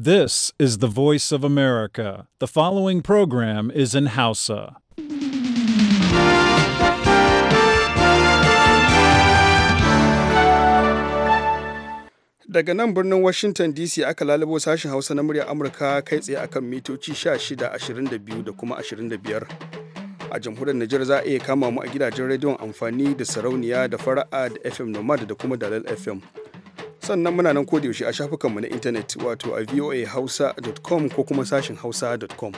This is the voice of America. The following program is in Hausa. Daga nan birnin Washington DC aka lalabo sashen Hausa na murya Amurka kai tsaye akan mitoci 16, 22 da kuma 25. A jamhuriyar Nijar za a iya kama mu a gidajen rediyon amfani da sarauniya da fara'a da FM Nomad da kuma Dalal FM. sannan muna nan yaushe a shafukanmu na intanet wato a voahausa.com ko kuma sashin hausa.com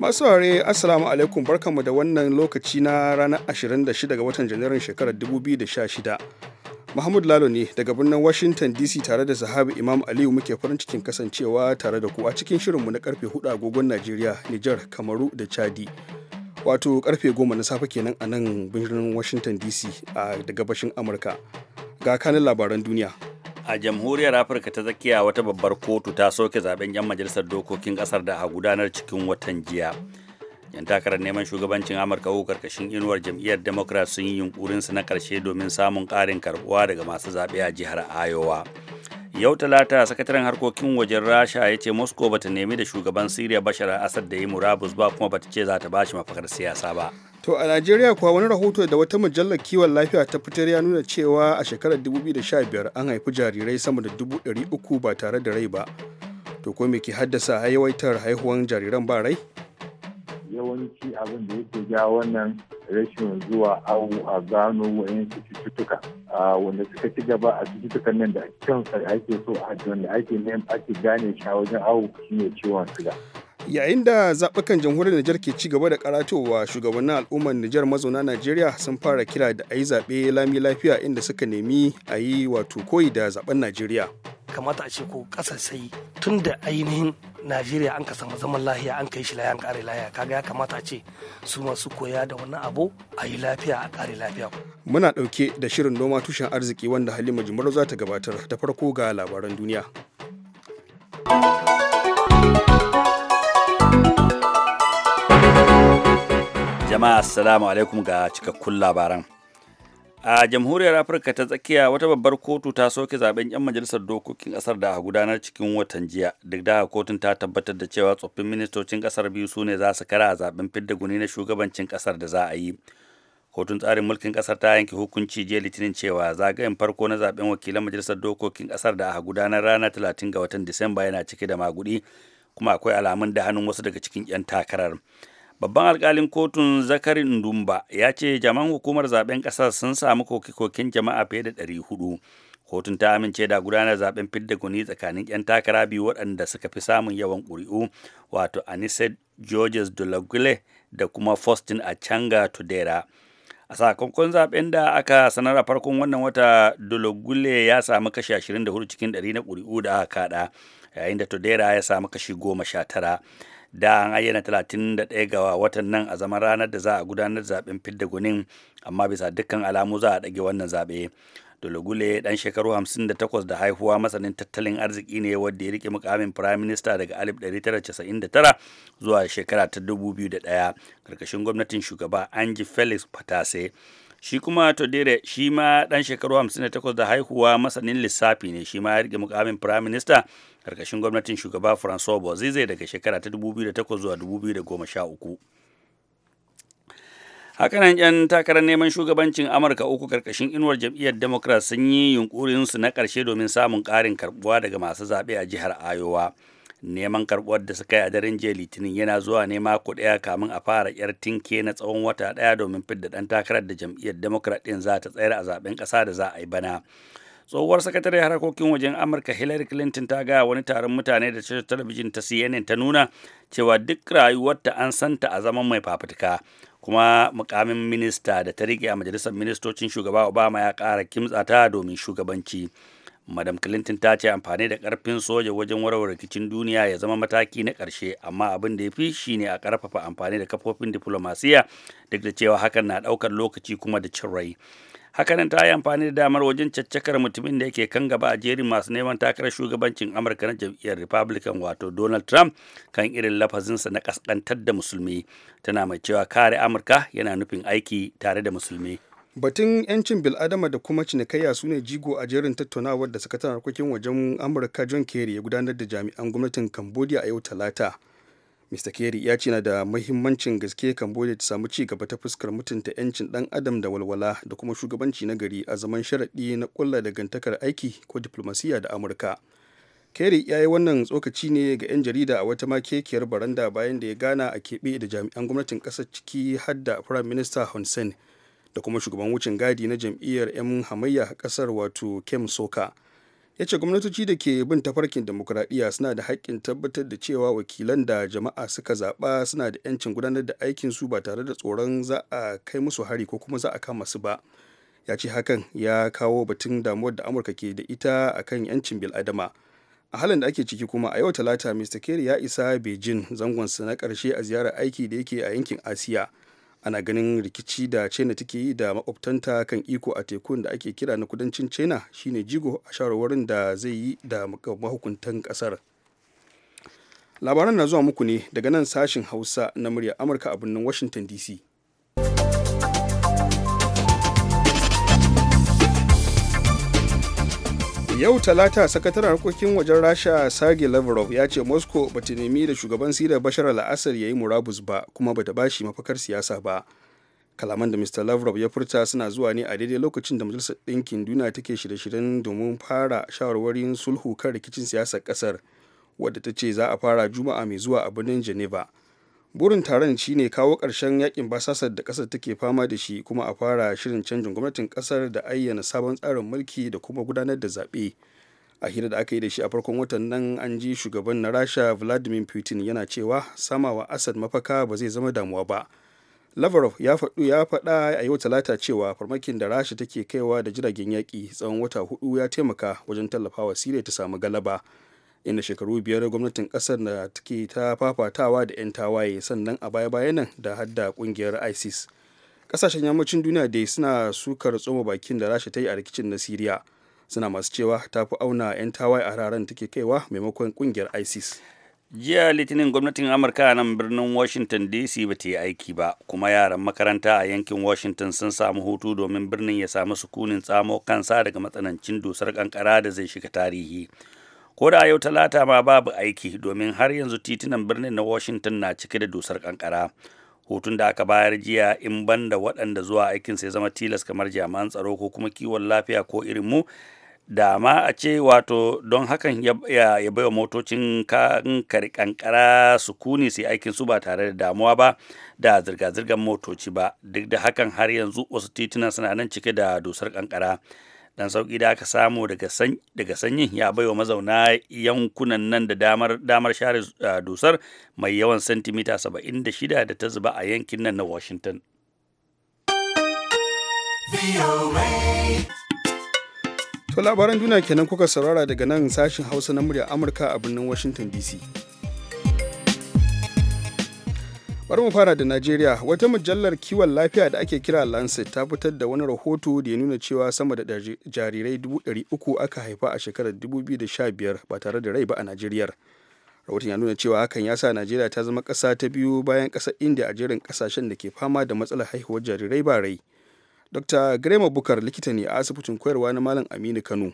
masu ware assalamu alaikum barkanmu da wannan lokaci na ranar 26 ga watan janairun shekarar 2016 Mahmud Lalo ne daga birnin Washington DC tare da sahabi Imam Aliyu muke farin cikin kasancewa tare da ku a cikin shirinmu na karfe 4 agogon Najeriya, niger Kamaru da Chadi. wato karfe goma na safe kenan a nan birnin washington dc da gabashin amurka ga kanin labaran duniya a jamhuriyar afirka ta tsakiya wata babbar kotu ta soke zaben yan majalisar dokokin kasar da a gudanar cikin watan jiya yan takarar neman shugabancin amurka ko karkashin inuwar jam'iyyar democrat sun yi yunkurin su na karshe domin samun karin karbuwa daga masu zaɓe a jihar ayowa. yau talata sakataren harkokin wajen rasha ya ce moscow bata nemi da shugaban siriya bashar asad da yi murabus ba kuma bata ce za ta bashi mafakar siyasa ba to a najeriya kuwa wani rahoto da wata mujallar kiwon lafiya ta fitar ya nuna cewa a shekarar 2015 an haifi jarirai sama da 300 ba tare da rai ba to ko me ke haddasa yawaitar haihuwan jariran ba rai yawanci abin da yake ja wannan rashin zuwa awu a gano wayan cututtuka wanda suka ci gaba a cututtukan nan da kansa ake so a wanda ake neman ake gane shi a wajen awu shine ciwon suga. yayin da zaɓukan jamhuriyar Nijar ke ci gaba da karatowa shugabannin al'ummar Nijar mazauna Najeriya sun fara kira da ayi yi zaɓe lami lafiya inda suka nemi a yi wato koyi da zaɓen Najeriya. kamata a ce ko sai tun da ainihin najeriya an ka samu zaman lahiya an kai shi lahiya an kare lahiya kaga ya kamata a ce su masu koya da wani abu a yi lafiya a kare lafiya muna ɗauke da shirin noma tushen arziki wanda halima jimaro za ta gabatar da farko ga labaran duniya jama'a assalamu alaikum ga cikakkun labaran a jamhuriyar afirka ta tsakiya wata babbar kotu ta soke zaben yan majalisar dokokin kasar da a gudanar cikin watan jiya duk da kotun ta tabbatar da cewa tsoffin ministocin kasar biyu su ne za su kara a zaben fidda guni na shugabancin kasar da za a yi kotun tsarin mulkin kasar ta yanke hukunci jiya litinin cewa zagayen farko na zaben wakilan majalisar dokokin kasar da a gudanar rana talatin ga watan disamba yana cike da magudi kuma akwai alamun da hannun wasu daga cikin yan takarar babban alkalin kotun zakari ndumba ya ce jaman hukumar zaben kasar sun samu koke-koken jama'a fiye da 400 kotun ta amince da gudanar zaben fidda guni tsakanin 'yan takara biyu waɗanda suka fi samun yawan ƙuri'u wato anise georges dulagule da kuma faustin achanga tudera a sakamakon zaben da aka sanar a farkon wannan wata dulagule ya samu kashi 24 cikin ɗari na ƙuri'u da aka kaɗa yayin da tudera ya samu kashi sha tara. da an ayyana 31 ga watan nan a zaman ranar da za a gudanar zaben fidda gunin amma bisa dukkan alamu za a dage wannan zaɓe Dologule dan shekaru 58 da haihuwa masanin tattalin arziki ne wanda ya rike mukamin Prime Minister daga 1999 zuwa shekara ta 2001 karkashin gwamnatin shugaba Anji Felix Patase. shi kuma todere shi ma dan shekaru 58 da haihuwa masanin lissafi ne shi ma ya rike mukamin prime minister karkashin gwamnatin shugaba francois bozize daga shekara ta 2008 zuwa 2013 hakanan yan takarar neman shugabancin amurka uku karkashin inuwar jam'iyyar democrat sun yi yunkurin su na karshe domin samun karin karbuwa daga masu zaɓe a jihar iowa. neman karbuwar da suka yi a daren jiya litinin yana zuwa ne mako ɗaya kamin a fara yar tinke na tsawon wata ɗaya domin fidda ɗan takarar da jam'iyyar democrat ɗin za ta tsayar a zaben ƙasa da za a yi bana tsohuwar sakatare harkokin wajen amurka hillary clinton ta gaya wani taron mutane da tashar talabijin ta cnn ta nuna cewa duk rayuwarta an santa a zaman mai fafutuka kuma mukamin minista da ta rike a majalisar ministocin shugaba obama ya kara kimtsata domin shugabanci madam clinton ta ce amfani da karfin soja wajen warware rikicin duniya ya zama mataki na karshe amma abin da ya fi shine a karfafa amfani da kafofin diplomasiya duk da cewa hakan na daukar lokaci kuma da cin rai hakanan ta yi amfani da damar wajen caccakar mutumin da yake kan gaba a jerin masu neman takarar shugabancin amurka na jam'iyyar republican wato donald trump kan irin lafazinsa na kaskantar da musulmi tana mai cewa kare amurka yana nufin aiki tare da musulmi batun 'yancin bil'adama da kuma cinikayya su ne jigo a jerin tattaunawar da sakataren harkokin wajen amurka john kerry ya gudanar da jami'an gwamnatin cambodia a yau talata mr kerry ya ce na da mahimmancin gaske cambodia ta samu ci gaba ta fuskar mutunta 'yancin dan adam da walwala da kuma shugabanci na gari a zaman sharaɗi na kulla dangantakar aiki ko diplomasiya da amurka kerry ya yi wannan tsokaci ne ga 'yan jarida a wata makekiyar baranda bayan da ya gana a keɓe da jami'an gwamnatin ƙasar ciki hadda da prime minister hun da kuma shugaban wucin gadi na jam'iyyar 'yan hamayya a kasar wato kem soka ya ce gwamnatoci da ke bin tafarkin demokuraɗiyya suna da haƙƙin tabbatar da cewa wakilan da jama'a suka zaɓa suna da 'yancin gudanar da aikin su ba tare da tsoron za a kai musu hari ko kuma za a kama su ba ya ce hakan ya kawo batun damuwar da amurka ke da ita akan 'yancin bil'adama a halin da ake ciki kuma a yau talata mr kerry ya isa beijing zangonsa na ƙarshe a ziyarar aiki da yake a yankin asiya ana ganin rikici da china take yi da makwabtanta kan iko a tekun da ake kira na kudancin china shine jigo a shawarwarin da zai yi da mahukuntan kasar labaran na zuwa muku ne daga nan sashin hausa na murya amurka a birnin washington dc yau talata sakataren harkokin wajen rasha sage lavrov ya ce moscow ba ta nemi da shugaban siriya bashar al'asar ya yi murabus ba kuma ba ta ba mafakar siyasa ba kalaman da mr lavrov ya furta suna zuwa ne a daidai lokacin da majalisar ɗinkin duniya take shirye-shiryen domin fara shawarwarin sulhu kan rikicin siyasar ƙasar wadda ta ce za a fara juma'a mai zuwa a birnin geneva burin taron shi ne kawo ƙarshen yakin basasar da ƙasar take fama da shi kuma a fara shirin canjin gwamnatin ƙasar da ayyana sabon tsarin mulki da kuma gudanar da zaɓe a hira da aka yi da shi a farkon watan nan an ji shugaban na rasha vladimir putin yana cewa samawa asad mafaka ba zai zama damuwa ba lavrov ya faɗu ya faɗa a yau talata cewa farmakin da rasha take kaiwa da jiragen yaƙi tsawon wata hudu ya taimaka wajen tallafawa siriya ta samu galaba inda shekaru biyar gwamnatin kasar na take ta fafatawa da 'yan tawaye sannan a baya-bayan nan da hadda kungiyar isis kasashen yammacin duniya dai suna sukar tsoma bakin da rasha ta yi a rikicin na siriya suna masu cewa ta fi auna 'yan tawaye a hararen take kaiwa maimakon kungiyar isis jiya litinin gwamnatin amurka a nan birnin washington dc ba ta yi aiki ba kuma yaran makaranta a yankin washington sun samu hutu domin birnin ya samu sukunin tsamo kansa daga matsanancin dusar kankara da zai shiga tarihi ko da yau talata ma babu aiki domin har yanzu titunan birnin na washington na cike da dusar kankara hutun da aka bayar jiya in banda waɗanda zuwa aikin sai zama tilas kamar jami'an tsaro ko kuma kiwon lafiya ko irin mu da ma a ce wato don hakan ya baiwa motocin kari kankara su sukuni sai aikin su ba tare da damuwa ba da zirga-zirgar motoci ba duk da hakan har yanzu wasu titunan suna nan cike da dusar kankara dan sauki da aka samu daga sanyin ya baiwa mazauna yankunan nan da damar damar share eh, dusar mai yawan santimita 76 da ta zuba a yankin nan na washington To labaran duniya kenan kuka saurara daga nan sashin hausa na murya amurka a birnin washington dc bari mu fara da najeriya wata mujallar kiwon lafiya da ake kira lancet ta fitar da wani rahoto da ya nuna cewa sama da jarirai 300 aka haifa a shekarar 2015 ba tare da rai ba a najeriya rahoton ya nuna cewa hakan ya sa najeriya ta zama ƙasa ta biyu bayan ƙasar india a jerin ƙasashen da ke fama da matsalar haihuwar jarirai ba rai dr grema bukar likita ne a asibitin koyarwa na malam aminu kano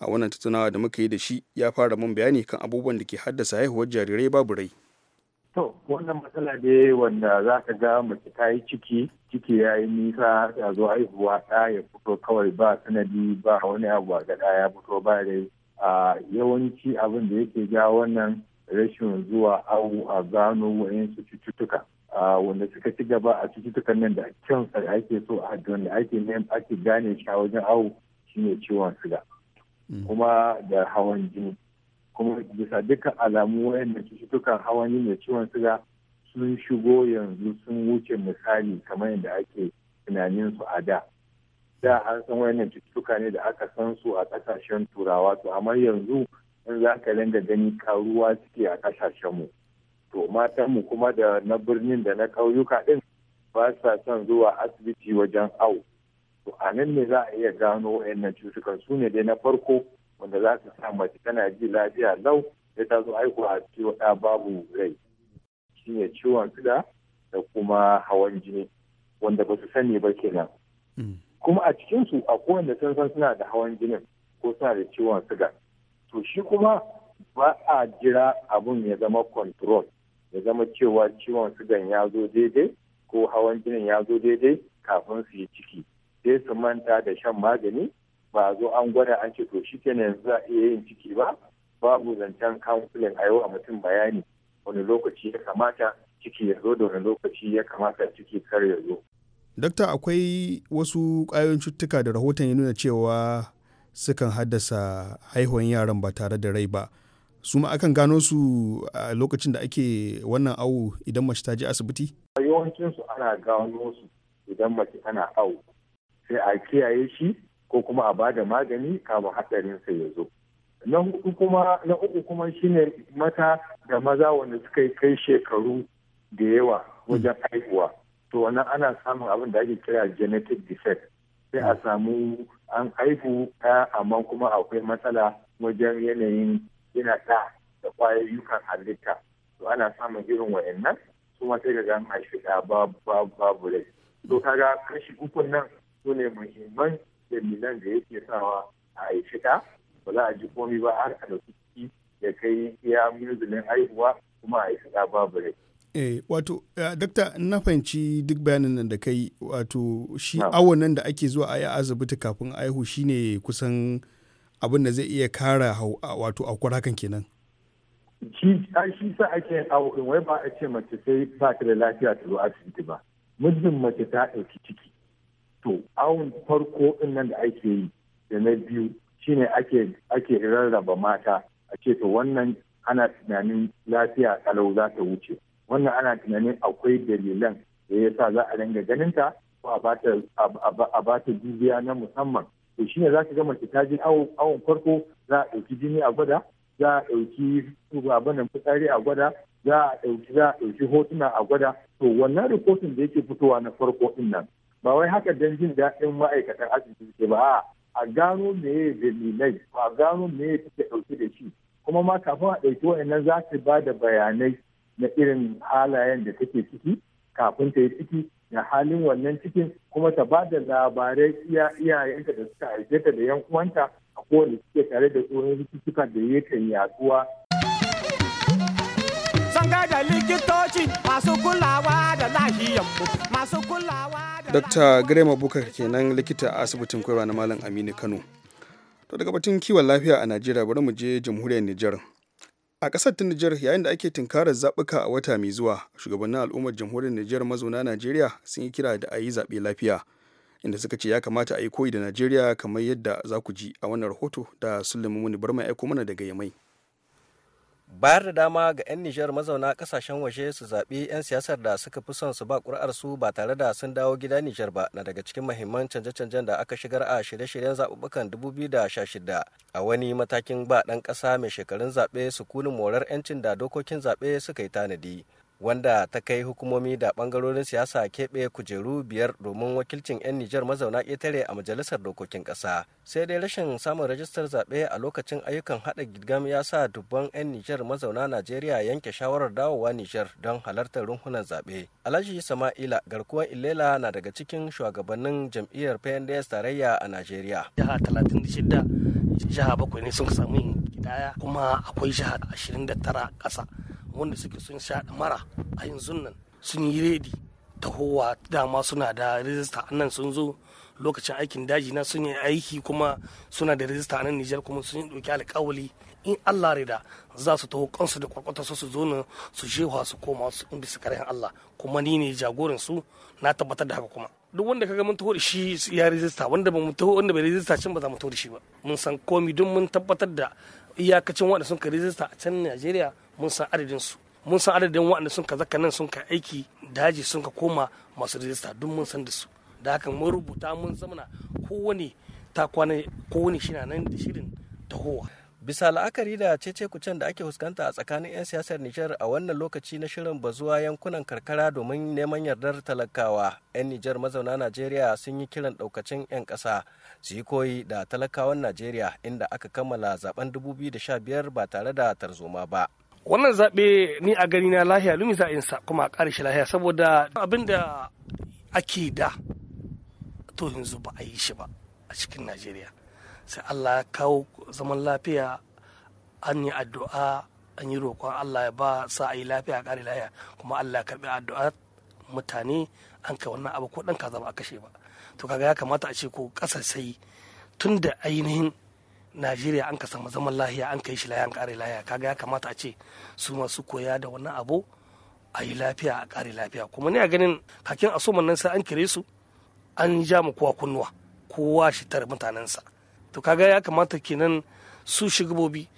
a wannan tattunawa da muka yi da shi ya fara mun bayani kan abubuwan da ke haddasa haihuwar jarirai babu rai To, wannan matsala ne wanda za ka ga mace ta yi ciki, ciki ya yi nisa ta zo haihuwa ta ya fito kawai ba sanadi ba wani abu a gada ya fito ba dai. A yawanci abin da yake ja wannan rashin zuwa awu a gano wayansu cututtuka. wanda suka ci gaba a cututtukan nan da kyan ake so a wanda ake ake gane shi a wajen awu shine ciwon suga mm. Kuma da hawan jini. kuma bisa duka alamu wayannan cututtukan hawan jini da ciwon suga sun shigo yanzu sun wuce misali kamar yadda ake tunanin su a da da an san wayannan cututtuka ne da aka san su a kasashen turawa to amma yanzu in za ka dinga gani karuwa suke a kasashen mu to matan mu kuma da na birnin da na kauyuka din ba sa son zuwa asibiti wajen au to a nan ne za a iya gano wayannan cututtukan su ne dai na farko wanda za su sa mace tana ji lafiya lau sai ta zo aiko a ciwo ɗa babu rai shine ciwon suga da kuma hawan jini wanda ba su sani ba kenan mm. kuma a cikinsu a kowanne sun san suna da hawan jinin ko suna da ciwon suga to shi kuma ba a jira abun ya zama control ya zama cewa ciwon sugan ya zo daidai ko hawan jinin ya zo daidai kafin su yi ciki sai su manta da shan magani ba zo an gwada an ce to shi kenan yanzu za a iya yin ciki ba babu zancen counseling a wa mutum bayani wani lokaci ya kamata ciki ya zo da wani lokaci ya kamata ciki kar ya zo. Dokta akwai wasu ƙwayoyin cututtuka da rahoton ya nuna cewa sukan haddasa haihuwan yaran ba tare da rai ba. su ma akan gano su a lokacin da ake wannan awo idan mace ta je asibiti? yawancin su ana gano su idan mace tana awo sai a kiyaye shi ko kuma a bada magani kafin hatsarinsa ya zo na hudu kuma na uku kuma shine mata da maza wanda suka yi kai shekaru da yawa wajen haihuwa to wannan ana samun abin da ake kira genetic defect sai a samu an haihu ɗaya amma kuma akwai matsala wajen yanayin yana da da kwayoyukan halitta to ana samun irin wa'annan su ma sai ga an haifi ɗa babu rai to kaga kashi ukun nan su ne muhimman dalilan da yake sawa a haifi ɗa ba za a ji komi ba har a dauki ciki ya kai ya minzulin haihuwa kuma a haifi babu rai. Eh, wato, eh, dakta na fahimci duk bayanin nan da kai wato shi da ake zuwa a yi asibiti kafin aihu shine kusan abin da zai iya kara wato aukuwar hakan kenan. Shi shi sa ake yin awo wai ba a ce mace sai ba ta da lafiya ta zo asibiti ba. Muddin mace ta ɗauki ciki to awon farko din nan da ake yi da na biyu shine ake ake rarraba mata a ce to wannan ana tunanin lafiya kalau za ta wuce wannan ana tunanin akwai dalilan da ya sa za a dinga ganinta ko a ba ta dubiya na musamman to shine za ka ga mace ta ji awon farko za a ɗauki jini a gwada za a ɗauki abinan fitsari a gwada za a ɗauki za a ɗauki hotuna a gwada to wannan rikotin da yake fitowa na farko din nan haka don jin daɗin ma'aikatan asibiti ce ba a gano yi dalilai a gano ya take ɗauke da shi kuma ma kafin a ɗauki wa'annan za ta ba da bayanai na irin halayen da take ciki kafin ta yi ciki da halin wannan cikin kuma ta ba da labarai iya iyayenta da suka haife ta da yan uwanta a kowane suke tare da tsohon rikicika da yakan yaduwa. Sanga da likitoci masu kulawa da mu masu kulawa da Dr. Grema Bukar kenan likita a asibitin koyarwa na Malam Aminu Kano. To daga batun kiwon lafiya a Najeriya bari mu je jamhuriyar Nijar. A ƙasar ta Nijar yayin da ake tunkarar zaɓuka a wata mai zuwa, shugabannin al'ummar jamhuriyar Nijar mazauna Najeriya sun yi kira da a yi zaɓe lafiya. Inda suka ce ya kamata a yi koyi da Najeriya kamar yadda za ku ji a wannan rahoto da Sulaiman Muni bar mai aiko mana daga Yamai. bayar da dama ga 'yan Nijar mazauna kasashen waje su zaɓi 'yan siyasar da suka fi son su ba su ba tare da sun dawo gida Nijar ba na daga cikin mahimman canje-canjen da aka shigar a shirye-shiryen zaɓuɓɓukan 2016 a wani matakin ba ɗan ƙasa mai shekarun zaɓe su sukunin morar 'yancin da dokokin zaɓe suka yi tanadi. wanda ta kai hukumomi da bangarorin siyasa keɓe kujeru biyar domin wakilcin 'yan Nijar mazauna ƙetare a majalisar dokokin ƙasa. Sai dai rashin samun rajistar zaɓe a lokacin ayyukan haɗa gidgam ya sa dubban 'yan Nijar mazauna Najeriya yanke shawarar dawowa Nijar don halartar runhunan zaɓe. Alhaji Sama'ila garkuwar Ilela na daga cikin shugabannin jam'iyyar PNDS tarayya a Najeriya. Jiha 36 jiha bakwai ne sun samu yin kuma akwai jiha 29 ƙasa. wanda suke sun sha mara a yanzu nan sun yi redi tahowa dama suna da rijista nan sun zo lokacin aikin daji na sun yi aiki kuma suna da rijista nan Nijar kuma sun yi ɗauki alƙawali in Allah rida za su taho kansu da kwakwata su zo nan su shewa su koma su in bisa karen Allah kuma ni ne jagoran su na tabbatar da haka kuma duk wanda kaga mun taho da shi ya rijista wanda ba wanda bai rijista cin ba za mu taho shi ba mun san komi duk mun tabbatar da iyakacin waɗanda sun ka rijista a can Najeriya mun san adadin su mun san adadin waɗanda sun ka zaka nan sun ka aiki daji sun ka koma masu rijista duk mun san da su da haka mun rubuta mun zamana kowane ta kwana kowane shi na nan da shirin tahowa bisa la'akari da cece kucen da ake fuskanta a tsakanin 'yan siyasar nijar a wannan lokaci na shirin bazuwa yankunan karkara domin neman yardar talakawa 'yan nijar mazauna najeriya sun yi kiran daukacin 'yan kasa su yi da talakawan najeriya inda aka kammala zaben 2015 ba tare da tarzoma ba wannan zaɓe ni a gani na lahiya lumi za sa kuma a ƙare shi lahiya saboda abin da ake da to yanzu ba a yi shi ba a cikin najeriya sai allah ya kawo zaman lafiya an yi addu'a an yi roƙon allah ya ba sa a yi lafiya a ƙare lahiya kuma allah ya karɓi addu'a mutane an kai wannan abu ko ɗan ka zama a kashe ba to kaga ya kamata a ce ko sai tun da ainihin najeriya an ka samu zaman lahiya an kai shi laya an kare lahiya kaga ya kamata a ce su masu koya da wani abu a yi lafiya a kare lafiya kuma ni a ganin kakin a soman nan sai an kire su an ja mu kowa kunnuwa kowa shi tare mutanensa to kaga ya kamata kenan su shugabobi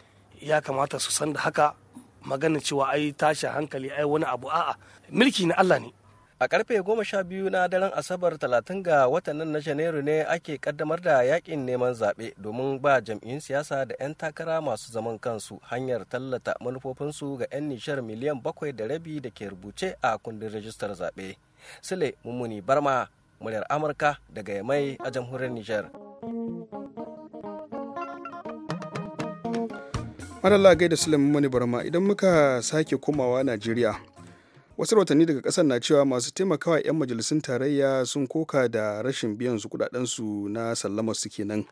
ya kamata su san da haka magana cewa ai tashin hankali ai wani abu a'a mulki na Allah ne a karfe goma sha biyu na daren asabar talatin ga watannin na janairu ne ake kaddamar da yakin neman zaɓe domin ba jam'in siyasa da 'yan takara masu zaman kansu hanyar tallata manufofinsu ga 'yan nishar miliyan bakwai da rabi da ke rubuce a kundin rajistar zaɓe sule mummuni barma muryar amurka daga yamai a jamhuriyar nijar madalla gaida sule mani barma idan muka sake komawa najeriya wasu rahotanni daga kasar na cewa masu taimakawa 'yan majalisun tarayya sun koka da rashin biyan su kudadensu na sallama su kenan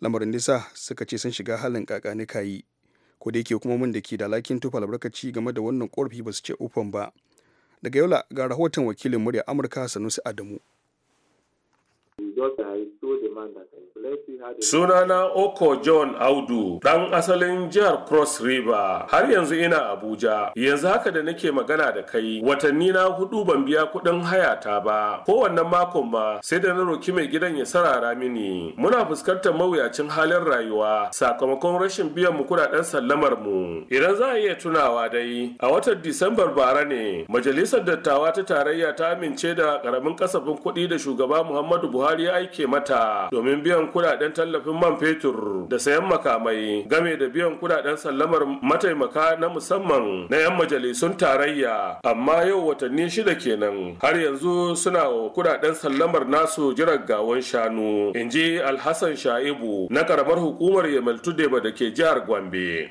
lamarin nisa suka ce sun shiga halin kakani kayi ko da yake hukumomin da ke da lakin tufa albarkaci game da wannan korafi ba su ce ufan ba daga yola ga rahoton wakilin murya amurka sanusi adamu Sunana Oko John Audu, ɗan asalin jihar Cross River, har yanzu ina Abuja. Yanzu haka da nake magana da kai, watanni na hudu ban biya kuɗin hayata ba. Kowanne makon ma sai da na roki mai gidan ya sarara mini. Muna fuskantar mawuyacin halin rayuwa sakamakon rashin biyan mu kuɗaɗen sallamar mu. Idan za a iya tunawa dai, a watan Disambar bara ne, Majalisar Dattawa ta Tarayya ta amince da ƙaramin kasafin kuɗi da shugaba Muhammadu Buhari ya aike mata domin biyan kudaden tallafin man fetur da sayan makamai game da biyan kudaden sallamar mataimaka na musamman na 'yan majalisun tarayya amma yau watanni shida kenan har yanzu suna wa kudaden sallamar nasu jiran gawan shanu in ji alhassan sha'ibu na karamar hukumar yamal tudeba da ke jihar gombe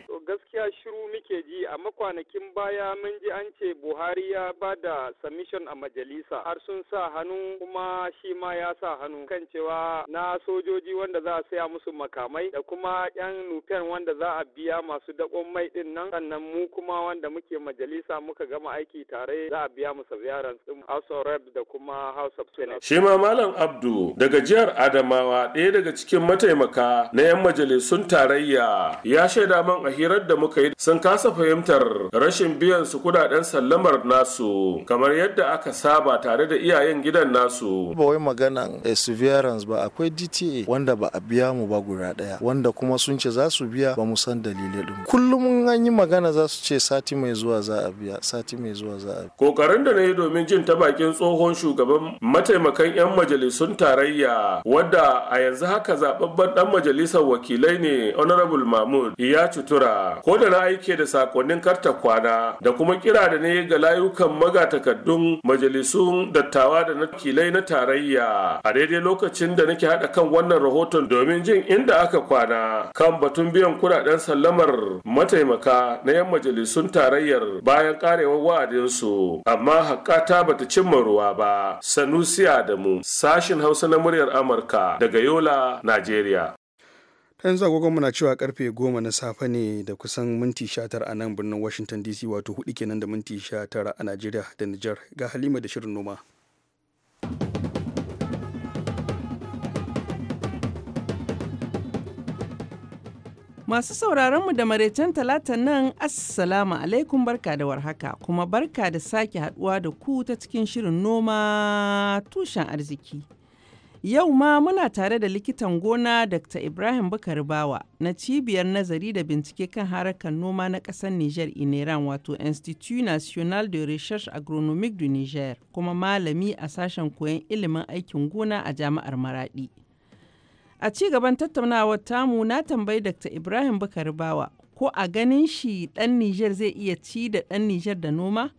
kwanakin baya mun ji an ce Buhari ya ba da submission a majalisa har sun sa hannu kuma shi ma ya sa hannu kan cewa na sojoji wanda za a saya musu makamai da kuma 'yan nufen wanda za a biya masu dakon mai din nan sannan mu kuma wanda muke majalisa muka gama aiki tare za a biya musu yaran din House of Rep da kuma House of Senate. Shi ma Malam Abdu daga jihar Adamawa ɗaya daga cikin mataimaka na 'yan majalisun tarayya ya shaida man a hirar da muka yi sun kasa fahimtar kasar rashin biyan su kudaden sallamar nasu kamar yadda aka saba tare da iyayen gidan nasu ba wai a eh, severance ba akwai DTA wanda ba a biya mu ba guda daya wanda kuma sun ce za su biya ba san dalilin din kullum an yi magana za su ce sati mai zuwa za a biya sati mai zuwa za a kokarin da na yi domin jin ta bakin tsohon shugaban mataimakan yan majalisun tarayya wadda a yanzu haka zababban dan majalisar wakilai ne honorable mahmud ya cutura ko da na aike da sakonnin kar ta kwana da kuma kira da ne ga layukan magatakardun majalisun dattawa da nakilai kilai na tarayya a daidai lokacin da nake haɗa kan wannan rahoton domin jin inda aka kwana kan batun biyan kudaden sallamar mataimaka na 'yan majalisun tarayyar bayan karewar wa'adinsu amma haƙata bata cimma ruwa ba sanusi adamu sashin hausa na muryar amurka daga yola najeriya yanzu agogonmu na cewa karfe goma na safe ne da kusan minti tara a nan birnin washington dc wato hudu kenan da minti tara a najeriya da nijar ga halima da shirin noma Masu sauraronmu da maraicen talata nan Assalamu alaikum barka da warhaka kuma barka da sake haduwa da ku ta cikin shirin noma tushen arziki Yau ma muna tare da likitan gona Dr. Ibrahim Bukari Bawa na cibiyar nazari da bincike kan harkar noma na ƙasar Niger Ineran wato Institut National de Recherche Agronomique du Niger kuma malami a sashen koyon ilimin aikin gona a jami'ar Maradi. A ci gaban tattaunawar tamu na tambayi Dr. Ibrahim Bukari Bawa ko a ganin shi ɗan Niger zai iya ci da ɗan Niger da noma?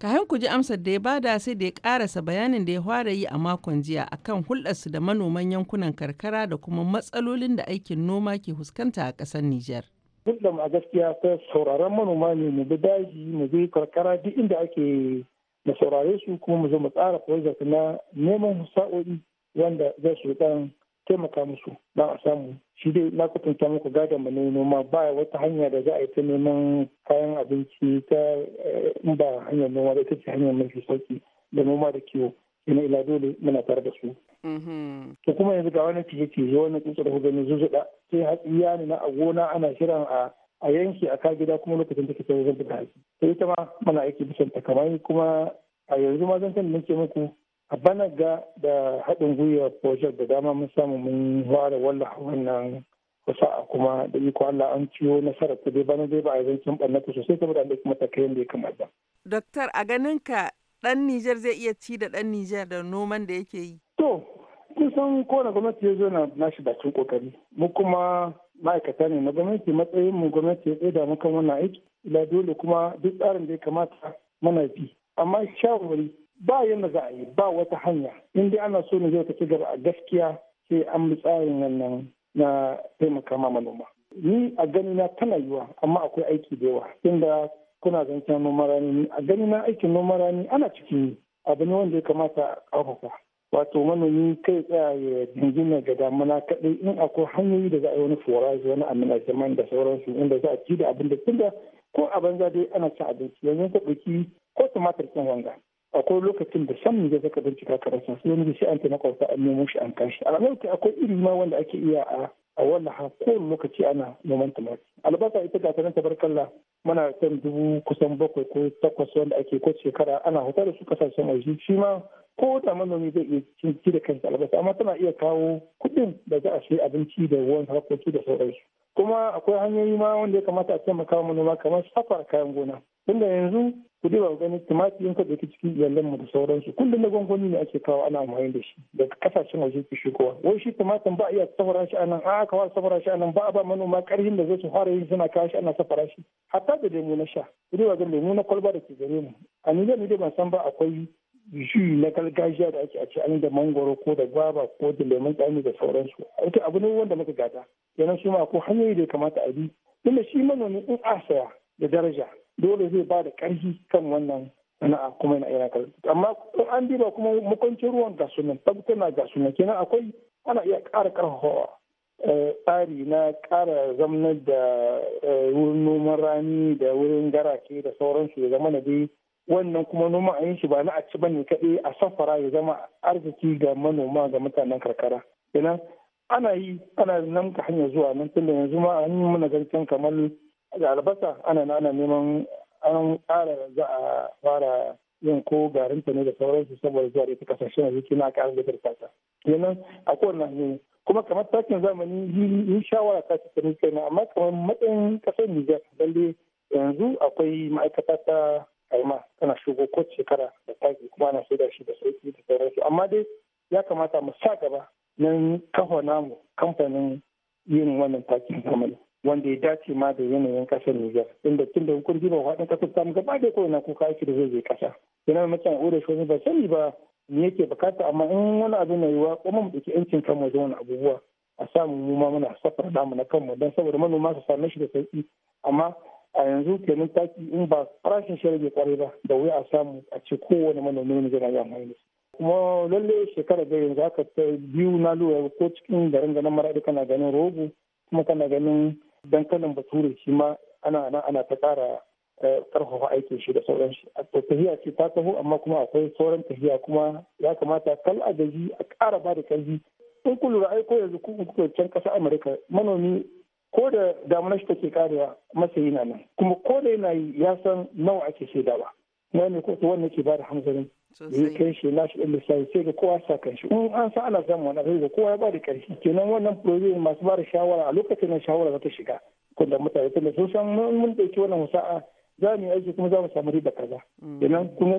ka ku ji amsar da ya bada sai da ya karasa bayanin da ya fara yi a makon jiya akan su da manoman yankunan karkara da kuma matsalolin da aikin noma ke fuskanta a ƙasar Nijar. Hulɗar a gaskiya ta sauraron manoma ne mu bi daji mu bi karkara duk inda ake mu saurare su kuma mu zo mu tsara projet na neman sa'o'i wanda zai su taimaka musu ba a samu shi dai na kwatanta muku gadon mu ne noma ba wata hanya da za a yi ta neman kayan abinci ta eh, in ba hanyar noma da ita ce hanyar mafi sauki da noma da kiwo ina ila dole muna tare da su. Mm-hmm. To kuma yanzu ga wani ciye zuwa wani kutsa da hudani zuzuɗa sai hatsi ya nuna a gona ana shirin a a yanki a ka gida kuma lokacin da ta zan fita hatsi. Sai ita ma muna aiki bisan takamai kuma a yanzu ma zan da nake muku a bana ga da haɗin gwiwa project da dama mun samu mun fara wallafa wannan fasaha kuma da iko Allah an ciyo nasara ta dai bana dai ba a zancen ɓannata sosai saboda da kuma matakai da ya ba. Doktor a ganin ka ɗan Nijar zai iya ci da ɗan Nijar da noman da yake yi. To, kusan kowane gwamnati ya zo na nashi bakin kokari. Mu kuma ma'aikata ne na gwamnati matsayin mu gwamnati ya tsaida mu kan wannan aiki. Ila dole kuma duk tsarin da ya kamata mana bi. Amma shawarwari ba yadda za a yi ba wata hanya inda ana so ne zai tafi gaba a gaskiya sai an bi tsarin nan na taimaka ma manoma ni a gani na tana yiwa amma akwai aiki da yawa inda kuna zancen noman rani a gani na aikin noman rani ana ciki abu ne wanda ya kamata a ƙarfafa wato manomi kai tsaya ya ga damuna kaɗai in akwai hanyoyi da za a yi wani forage wani amina jaman da sauransu inda za a ci da abin da tunda ko a banza dai ana cin abinci yanzu ta ɗauki ko tumatir kin wanga akwai lokacin da san ya zaka bincika ka rasa su wani sai an wata an nemo shi an kashi a lauki akwai iri ma wanda ake iya a a wallaha kowane lokaci ana noman tumatir albasa ita ga tanan tabarkalla muna kan dubu kusan bakwai ko takwas wanda ake ko shekara ana hutar da su kasashen waje shi ma ko ta manomi zai iya cin ci da kansa albasa amma tana iya kawo kuɗin da za a sayi abinci da ruwan harkoki da sauransu kuma akwai hanyoyi ma wanda ya kamata a taimaka manoma kamar safar kayan gona tunda yanzu ku dai ba gani tumatirin ka dauki cikin iyalan mu da sauransu kullum na gwangwani ne ake kawo ana amfani da shi daga kasashen waje ke shigowa wai shi tumatin ba a iya safara shi anan a aka fara safara shi anan ba a ba manoma karhin da zai su fara yin suna kawo shi ana safara shi hatta da lemu na sha ku dai ba ga lemu na kwalba da ke gare mu a ni dai ban san ba akwai jus na gargajiya da ake a ce an da mangoro ko da gwaba ko da lemun tsami da sauransu ake abu ne wanda muka gada kenan su ma ko hanyoyi da ya kamata a bi tunda shi manomi in a saya da daraja dole zai ba da ƙarfi kan wannan sana'a kuma yana iya kar amma an diba kuma makwancin ruwan ga tabbatar na ga kenan akwai ana iya ƙara ƙarfafawa eh, tsari na ƙara zamanar da eh, wurin noman rani da wurin garake da sauransu ya zama na dai wannan kuma noman a yin shi ba na a ci ba ne kaɗai a safara ya zama arziki ga manoma ga mutanen karkara kenan ana yi ana nan ka hanyar zuwa nan tunda yanzu ma an yi mana zancen kamar da albasa ana ana neman an kara za a fara yin ko garin ne da sauransu saboda zuwa da ita kasashen yanzu kina ƙarin da ta kenan a kowane ne kuma kamar takin zamani yi shawara ta cikin kenan amma kamar matsayin kasar Nijar lalle yanzu akwai ma'aikata ta kaima tana shigo ko shekara da taki kuma ana shaida shi da sauki da sauransu amma dai ya kamata mu sa gaba nan kafa namu kamfanin yin wannan takin zamani. wanda ya dace ma da yanayin kasar Nijar inda tun da hukun diba faɗin kasar samu gaba da kowane kuka yake da zai je kasa yana mutum aure shi ba sani ba me yake bukata amma in wani abu na yiwa kuma mu ɗauki yancin kanmu wajen wani abubuwa a samu mu ma muna safar namu na kanmu don saboda manoma su same shi da sauki amma a yanzu kenan taki in ba farashin shi rage kwarai ba da wuya a samu a ce kowane manomi ne zai yi amfani kuma lalle shekara da yanzu aka ta biyu na lura ko cikin garin ganin maraɗi kana ganin rogo kuma kana ganin dankalin bature shi ma ana nan ana ta kara eh, ƙarfafa aikin shi da sauran shi tafiya ce ta taho amma kuma akwai sauran tafiya kuma ya kamata kal a gaji a kara ba da ƙarfi in ku lura ai ko yanzu ku kuka can kasar amurka manomi ko da damuna shi take karewa masa yana nan kuma ko da yana yi ya san nawa ake shaidawa na ne ko to wannan ke ba da hanzarin ya kai shi na shi ɗin lissafi sai ga kowa sa kan shi in an sa ana zama wani abin da kowa ya ba da ƙarfi kenan wannan proje masu ba da shawara a lokacin da shawara za ta shiga kunda mutane tunda sun san mun ɗauki wannan wasa'a za mu yi aiki kuma za mu samu riba kaza mm. kenan kuma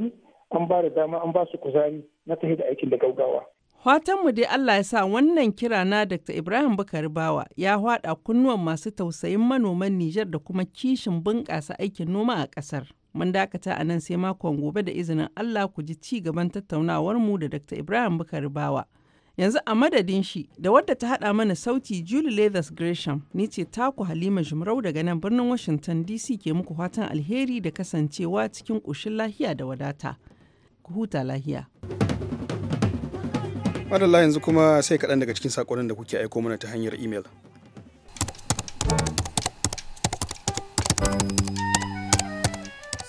an ba da dama an basu kuzari na ta da aikin da gaugawa. Fatanmu dai Allah ya sa wannan kira na Dr. Ibrahim Bukari Bawa ya haɗa kunnuwan masu tausayin manoman Nijar da kuma kishin bunƙasa aikin noma a ƙasar. Mun dakata a nan sai makon gobe da izinin Allah ku ji ci gaban tattaunawar mu da Dr. Ibrahim Bukari Bawa. Yanzu a madadin shi da wadda ta haɗa mana sauti Julie Leathers Gresham ni ce taku Halima Jumrau daga nan birnin Washington DC ke muku fatan alheri da kasancewa cikin ƙoshin lahiya da wadata. Ku huta lahiya. Madalla yanzu kuma sai kaɗan daga cikin saƙonin da kuke aiko mana ta hanyar imel.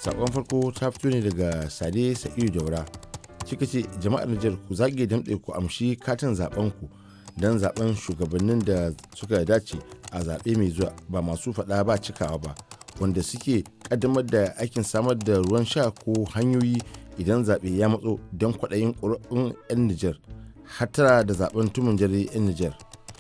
sakon farko ta fito ne daga sade sa'idu daura cika ce jama'ar nijar ku zage damɗe ku amshi katin zaben ku don zaben shugabannin da suka dace a zaɓe mai zuwa ba masu faɗa ba cikawa ba wanda suke kaddamar da aikin samar da ruwan sha ko hanyoyi idan zaɓe ya matso don kwaɗayin ƙuri'un 'yan Nijar hatara da zaɓen tumin jari 'yan Nijar.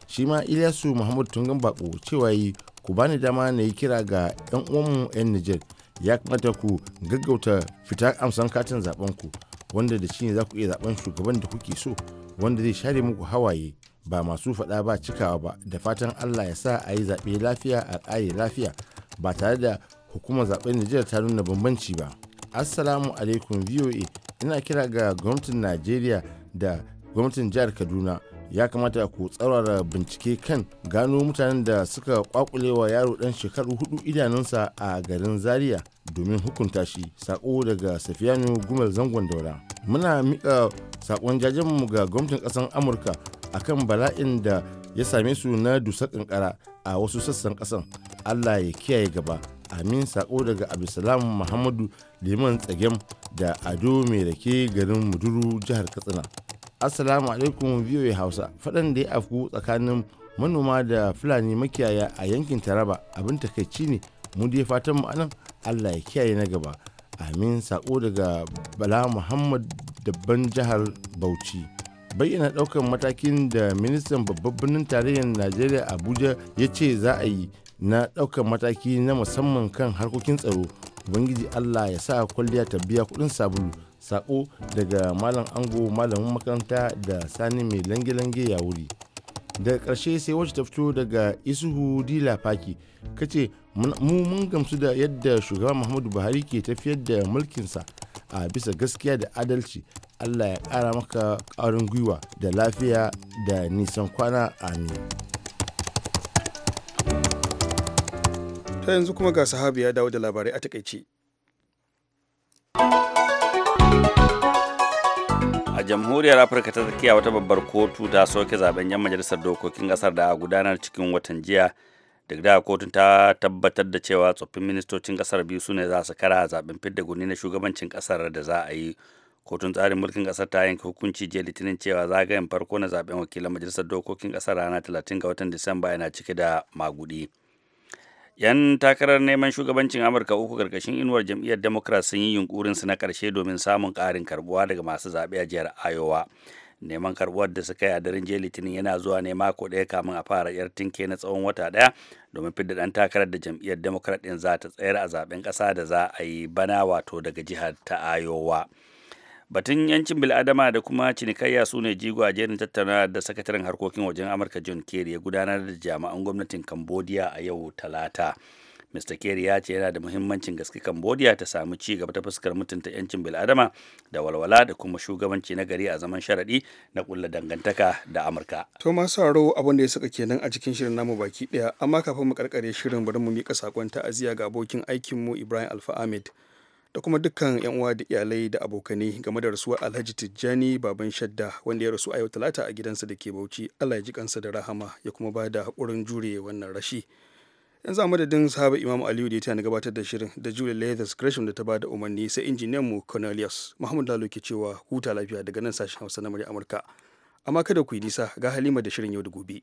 Shi ma Ilyasu Muhammadu Tungan Bako cewa yi ku bani dama na yi kira ga 'yan uwanmu 'yan Nijar ya kamata ku gaggauta fita amsan katin zaben ku wanda da shi ne za ku iya zaben shugaban da kuke so wanda zai share muku hawaye ba masu faɗa ba cikawa ba da fatan allah ya sa a yi zaɓe lafiya a ƙare lafiya ba tare da hukumar zaɓen nijar ta nuna bambanci ba assalamu alaikum voa ina kira ga gwamnatin najeriya da gwamnatin jihar kaduna ya kamata ku tsarara bincike kan gano mutanen da suka kwakulewa yaro dan shekaru hudu idanunsa a garin zaria domin hukunta shi sako daga safiyanu gumel zangon daura muna mika sakon jajenmu ga gwamnatin kasan amurka akan bala'in da ya same su na dusar kankara a wasu sassan kasan allah ya kiyaye gaba amin sako daga abdulsalam muhammadu liman tsagem da ado mai rake garin muduru jihar katsina assalamu alaikum voa hausa faɗan da ya afku tsakanin manoma da fulani makiyaya a yankin taraba abin takaici ne mu dai fatan mu anan allah ya kiyaye na gaba amin sako daga bala muhammad dabban jihar bauchi bayyana ɗaukar matakin da ministan babban birnin tarayyar najeriya abuja ya ce za a yi na ɗaukar mataki na musamman kan harkokin tsaro ubangiji allah ya sa kwalliya ta biya kudin sabulu sako daga malam ango malamin makaranta da sani mai lange-lange ya wuri daga ƙarshe sai wacce ta fito daga isuhu dila faki kace mu mun gamsu da yadda shugaban muhammadu buhari ke tafiyar da mulkinsa a bisa gaskiya da adalci allah ya kara maka ƙarin gwiwa da lafiya da nisan kwana amin ta yanzu kuma ga sahabi ya dawo da labarai a takaice a jamhuriyar afirka ta tsakiya wata babbar kotu ta soke zaben yan majalisar dokokin kasar da a gudanar cikin watan jiya duk da kotun ta tabbatar da cewa tsoffin ministocin kasar biyu su ne za su kara zaben fidda guni na shugabancin kasar da za a yi kotun tsarin mulkin kasar ta yanke hukunci jiya litinin cewa zagayen farko na zaben wakilan majalisar dokokin kasar rana 30 ga watan disamba yana cike da magudi. 'yan takarar neman shugabancin amurka uku karkashin inuwar jam'iyyar democrat sun yi yunkurin su na karshe domin samun karin karbuwa daga masu zaɓe a jihar iowa neman karbuwar da suka yi a daren jiya litinin yana zuwa ne mako ɗaya kamin a fara yar tinke na tsawon wata ɗaya domin fidda ɗan takarar da jam'iyyar democrat ɗin za ta tsayar a zaɓen ƙasa da za a yi bana wato daga jihar ta iowa batun yancin bil'adama da kuma cinikayya su ne jigwajen tattauna da sakataren harkokin wajen amurka john kerry ya gudanar da jami'an gwamnatin cambodia a yau talata mr kerry ya ce yana da muhimmancin gaske cambodia ta samu ci gaba ta fuskar mutunta yancin bil'adama da walwala da kuma shugabanci na gari a zaman sharaɗi na kulla dangantaka da amurka to masu haro abin da ya saka kenan a cikin shirin namu baki ɗaya amma kafin mu karkare shirin bari mu mika sakon ta'aziya ga abokin aikin mu ibrahim alfa ahmed da kuma dukkan yan uwa da iyalai da abokanai game da rasuwar alhaji tijjani baban shadda wanda ya rasu a yau talata a gidansa da ke bauchi allah ya ji kansa da rahama ya kuma ba da haƙurin jure wannan rashi yanzu a madadin sahaba imam aliyu da ya tana gabatar da shirin da julia leathers gresham da ta ba da umarni sai injiniyan mu cornelius muhammad lalo ke cewa huta lafiya daga nan sashen hausa na murya amurka amma kada ku yi nisa ga halima da shirin yau da gobe